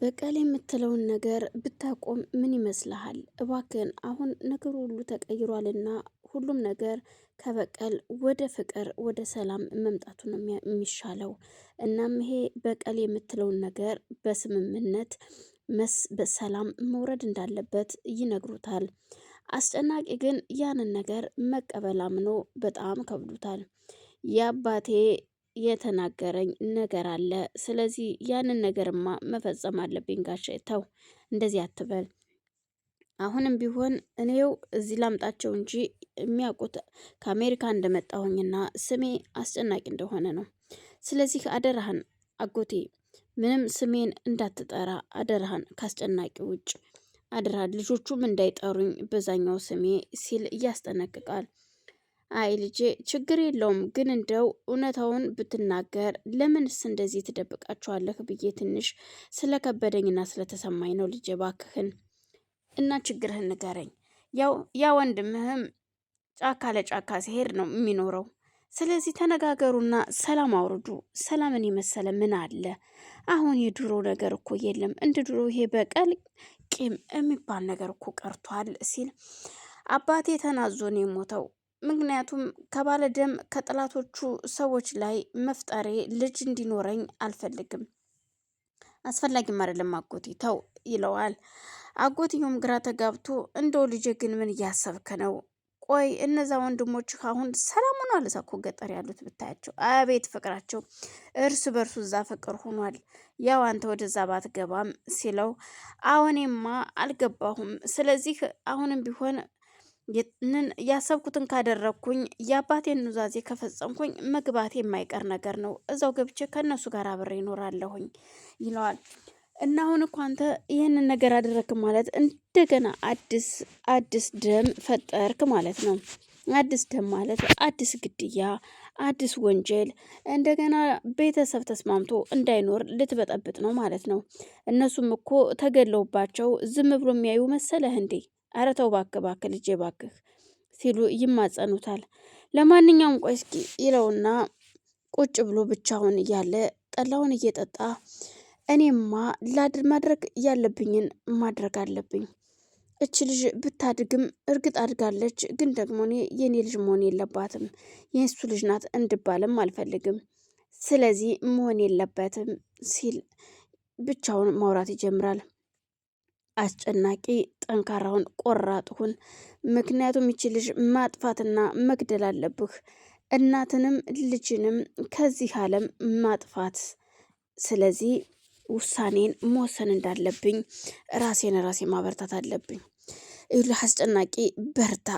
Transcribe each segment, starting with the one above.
በቀል የምትለውን ነገር ብታቆም ምን ይመስልሃል? እባክን አሁን ነገሩ ሁሉ ተቀይሯልና ሁሉም ነገር ከበቀል ወደ ፍቅር፣ ወደ ሰላም መምጣቱ ነው የሚሻለው። እናም ይሄ በቀል የምትለውን ነገር በስምምነት በሰላም መውረድ እንዳለበት ይነግሩታል። አስጨናቂ ግን ያንን ነገር መቀበል አምኖ በጣም ከብዶታል። የአባቴ የተናገረኝ ነገር አለ። ስለዚህ ያንን ነገርማ መፈጸም አለብኝ ጋሼ። ተው እንደዚህ አትበል። አሁንም ቢሆን እኔው እዚህ ላምጣቸው እንጂ የሚያውቁት ከአሜሪካ እንደመጣሁኝና ስሜ አስጨናቂ እንደሆነ ነው። ስለዚህ አደራህን አጎቴ ምንም ስሜን እንዳትጠራ አደራህን፣ ካስጨናቂ ውጭ አደራ። ልጆቹም እንዳይጠሩኝ በዛኛው ስሜ ሲል እያስጠነቅቃል። አይ ልጄ ችግር የለውም ግን እንደው እውነታውን ብትናገር ለምንስ እንደዚህ ትደብቃችኋለህ ብዬ ትንሽ ስለከበደኝና ስለተሰማኝ ነው ልጄ ባክህን እና ችግርህን ንገረኝ ያ ወንድምህም ጫካ ለጫካ ሲሄድ ነው የሚኖረው ስለዚህ ተነጋገሩና ሰላም አውርዱ ሰላምን የመሰለ ምን አለ አሁን የድሮ ነገር እኮ የለም እንደ ድሮ ይሄ በቀል ቂም የሚባል ነገር እኮ ቀርቷል ሲል አባቴ ተናዞ የሞተው ምክንያቱም ከባለደም ከጠላቶቹ ሰዎች ላይ መፍጠሬ ልጅ እንዲኖረኝ አልፈልግም። አስፈላጊም አይደለም አጎቴ ተው ይለዋል። አጎትየውም ግራ ተጋብቶ እንደው ልጅ ግን ምን እያሰብክ ነው? ቆይ እነዛ ወንድሞች አሁን ሰላም ሆኗል። እዛ እኮ ገጠር ያሉት ብታያቸው፣ አቤት ፍቅራቸው እርስ በርሱ እዛ ፍቅር ሆኗል። ያው አንተ ወደዛ ባትገባም ሲለው፣ አሁኔማ አልገባሁም። ስለዚህ አሁንም ቢሆን ያሰብኩትን ካደረግኩኝ የአባቴን ኑዛዜ ከፈጸምኩኝ መግባቴ የማይቀር ነገር ነው። እዛው ገብቼ ከእነሱ ጋር አብሬ ይኖራለሁኝ ይለዋል። እና አሁን እኮ አንተ ይህንን ነገር አደረግክ ማለት እንደገና አዲስ አዲስ ደም ፈጠርክ ማለት ነው። አዲስ ደም ማለት አዲስ ግድያ፣ አዲስ ወንጀል። እንደገና ቤተሰብ ተስማምቶ እንዳይኖር ልትበጠብጥ ነው ማለት ነው። እነሱም እኮ ተገለውባቸው ዝም ብሎ የሚያዩ መሰለህ እንዴ? አረተው ተው እባክህ እባክህ ልጄ እባክህ ሲሉ ይማጸኑታል። ለማንኛውም ቆይ እስኪ ይለውና ቁጭ ብሎ ብቻውን እያለ ጠላውን እየጠጣ እኔማ ማድረግ ያለብኝን ማድረግ አለብኝ። እች ልጅ ብታድግም እርግጥ አድጋለች፣ ግን ደግሞ እኔ የእኔ ልጅ መሆን የለባትም የእሱ ልጅ ናት እንድባልም አልፈልግም። ስለዚህ መሆን የለበትም ሲል ብቻውን ማውራት ይጀምራል። አስጨናቂ ጠንካራውን ቆራጥሁን። ምክንያቱም ይቺ ልጅ ማጥፋትና መግደል አለብህ። እናትንም ልጅንም ከዚህ ዓለም ማጥፋት። ስለዚህ ውሳኔን መወሰን እንዳለብኝ ራሴን ራሴ ማበርታት አለብኝ። ይሉ አስጨናቂ በርታ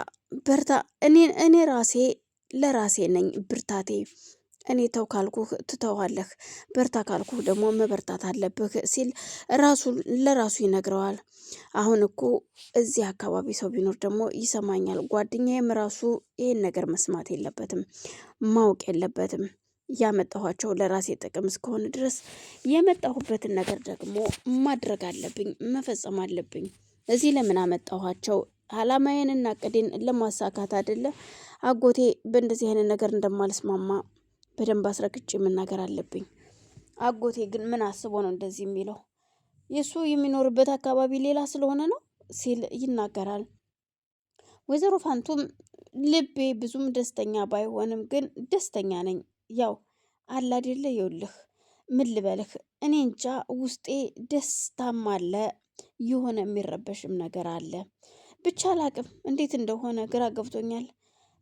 በርታ። እኔ እኔ ራሴ ለራሴ ነኝ ብርታቴ እኔ ተው ካልኩህ ትተዋለህ፣ በርታ ካልኩህ ደግሞ መበርታት አለብህ ሲል ራሱ ለራሱ ይነግረዋል። አሁን እኮ እዚህ አካባቢ ሰው ቢኖር ደግሞ ይሰማኛል፣ ጓደኛዬም ራሱ ይህን ነገር መስማት የለበትም ማወቅ የለበትም። ያመጣኋቸው ለራሴ ጥቅም እስከሆነ ድረስ የመጣሁበትን ነገር ደግሞ ማድረግ አለብኝ፣ መፈጸም አለብኝ። እዚህ ለምን አመጣኋቸው? አላማዬንና ቅዴን ለማሳካት አይደለ? አጎቴ በእንደዚህ አይነት ነገር እንደማልስማማ በደንብ አስረግጬ መናገር አለብኝ። አጎቴ ግን ምን አስቦ ነው እንደዚህ የሚለው? የእሱ የሚኖርበት አካባቢ ሌላ ስለሆነ ነው ሲል ይናገራል። ወይዘሮ ፋንቱም ልቤ ብዙም ደስተኛ ባይሆንም ግን ደስተኛ ነኝ። ያው አላደለ የውልህ ምን ልበልህ፣ እኔ እንጃ ውስጤ ደስታም አለ፣ የሆነ የሚረበሽም ነገር አለ። ብቻ አላቅም፣ እንዴት እንደሆነ ግራ ገብቶኛል።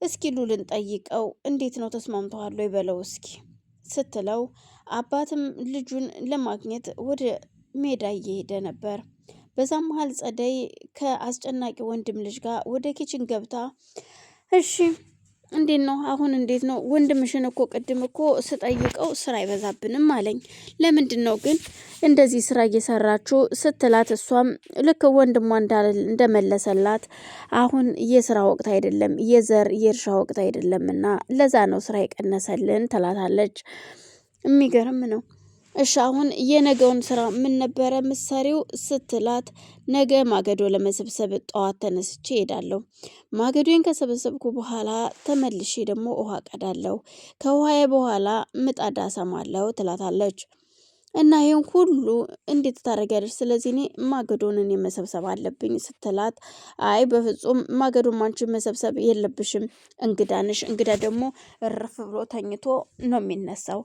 እስኪ ሉልን ጠይቀው እንዴት ነው ተስማምተዋል ወይ በለው እስኪ ስትለው አባትም ልጁን ለማግኘት ወደ ሜዳ እየሄደ ነበር። በዛም መሀል ፀደይ ከአስጨናቂ ወንድም ልጅ ጋር ወደ ኪችን ገብታ እሺ እንዴት ነው አሁን? እንዴት ነው ወንድምሽን እኮ ቅድም እኮ ስጠይቀው ስራ አይበዛብንም አለኝ። ለምንድን ነው ግን እንደዚህ ስራ እየሰራችሁ ስትላት፣ እሷም ልክ ወንድሟ እንደመለሰላት አሁን የስራ ወቅት አይደለም፣ የዘር የእርሻ ወቅት አይደለምና ለዛ ነው ስራ የቀነሰልን ትላታለች። የሚገርም ነው። እሺ አሁን የነገውን ስራ ምን ነበረ ምሳሌው ስትላት፣ ነገ ማገዶ ለመሰብሰብ ጠዋት ተነስቼ ሄዳለሁ። ማገዶን ከሰበሰብኩ በኋላ ተመልሼ ደግሞ ውሃ ቀዳለሁ። ከውሃዬ በኋላ ምጣድ አሰማለሁ ትላታለች። እና ይህን ሁሉ እንዴት ታደርጊያለሽ? ስለዚህ እኔ ማገዶን እኔ መሰብሰብ አለብኝ ስትላት፣ አይ በፍጹም ማገዶን ማንችን መሰብሰብ የለብሽም እንግዳ ነሽ። እንግዳ ደግሞ እርፍ ብሎ ተኝቶ ነው የሚነሳው።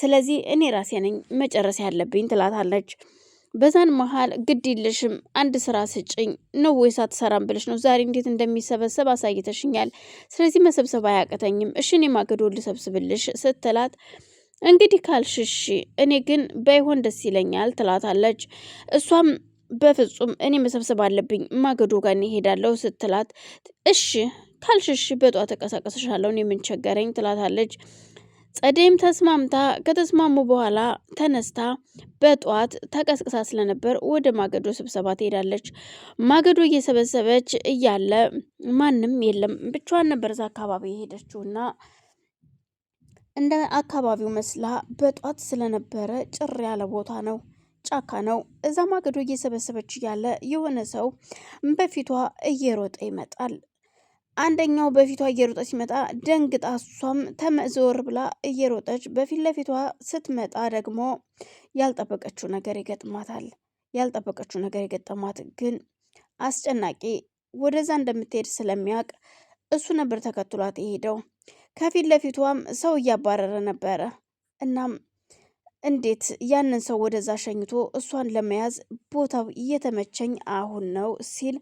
ስለዚህ እኔ ራሴ ነኝ መጨረስ ያለብኝ ትላታለች። በዛን መሀል ግድ የለሽም አንድ ስራ ስጭኝ ነው ወይስ አትሰራም ብለሽ ነው? ዛሬ እንዴት እንደሚሰበሰብ አሳይተሽኛል። ስለዚህ መሰብሰብ አያቅተኝም። እሽን የማገዶ ልሰብስብልሽ ስትላት እንግዲህ ካልሽሺ እኔ ግን በይሆን ደስ ይለኛል ትላታለች። እሷም በፍጹም እኔ መሰብሰብ አለብኝ ማገዶ ጋር እሄዳለሁ ስትላት፣ እሺ ካልሽሺ በጠዋት ተቀሳቀሰሻለሁ እኔ ምን ቸገረኝ ትላታለች። ጸደይም ተስማምታ ከተስማሙ በኋላ ተነስታ በጠዋት ተቀስቅሳ ስለነበር ወደ ማገዶ ስብሰባ ትሄዳለች። ማገዶ እየሰበሰበች እያለ ማንም የለም ብቻዋን ነበር እዛ አካባቢ የሄደችውና እንደ አካባቢው መስላ በጧት ስለነበረ ጭር ያለ ቦታ ነው፣ ጫካ ነው። እዛ ማገዶ እየሰበሰበች እያለ የሆነ ሰው በፊቷ እየሮጠ ይመጣል። አንደኛው በፊቷ እየሮጠ ሲመጣ ደንግጣ እሷም ተመዞር ብላ እየሮጠች በፊት ለፊቷ ስትመጣ ደግሞ ያልጠበቀችው ነገር ይገጥማታል። ያልጠበቀችው ነገር የገጠማት ግን አስጨናቂ ወደዛ እንደምትሄድ ስለሚያውቅ እሱ ነበር ተከትሏት የሄደው። ከፊት ለፊቷም ሰው እያባረረ ነበረ። እናም እንዴት ያንን ሰው ወደዛ ሸኝቶ እሷን ለመያዝ ቦታው እየተመቸኝ አሁን ነው ሲል